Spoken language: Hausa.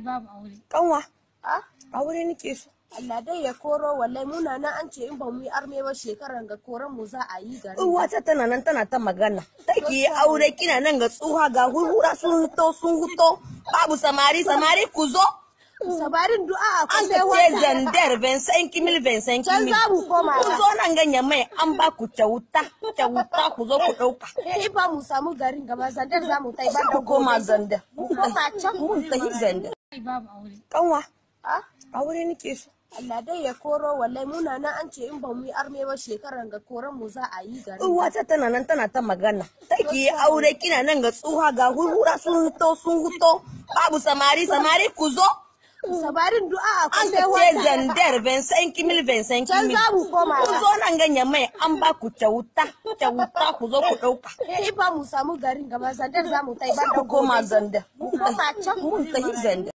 babu aure kanwa a ah? aure nake so Allah dai ya koro wallahi muna nan an ce in ba mu yi arme ba shekaran ga koran mu za a yi gari ta tana nan tana ta magana take yi aure kina nan ga tsuha ga hurhura sun huto sun huto babu samari samari ku zo sabarin du'a a kun sai an ce zandar bensan kimil bensan kimil can za mu koma ku zo nan ganya mai an ba ku kyauta kyauta ku zo ku dauka eh ba mu samu garin gaba zandar za mu tai ba ku koma zandar mu koma can mu tai zandar babu aure kanwa a ah? aure nake so Allah dai ya koro wallahi muna nan an ce in ba mu yi arme ba shekaran ga koran mu za a yi gari uwata tana nan tana ta magana take yi aure kina nan ga tsuha ga hurhura sun huto sun huto babu samari samari ku zo sabarin du'a a kusa wata an ce zandar vincent kimil vincent kimil can za mu koma ku zo nan ganyen mai an ba ku kyauta kyauta ku zo ku dauka eh ba mu samu garin gaba zandar za mu tai ba ku koma zandar mun tafi zandar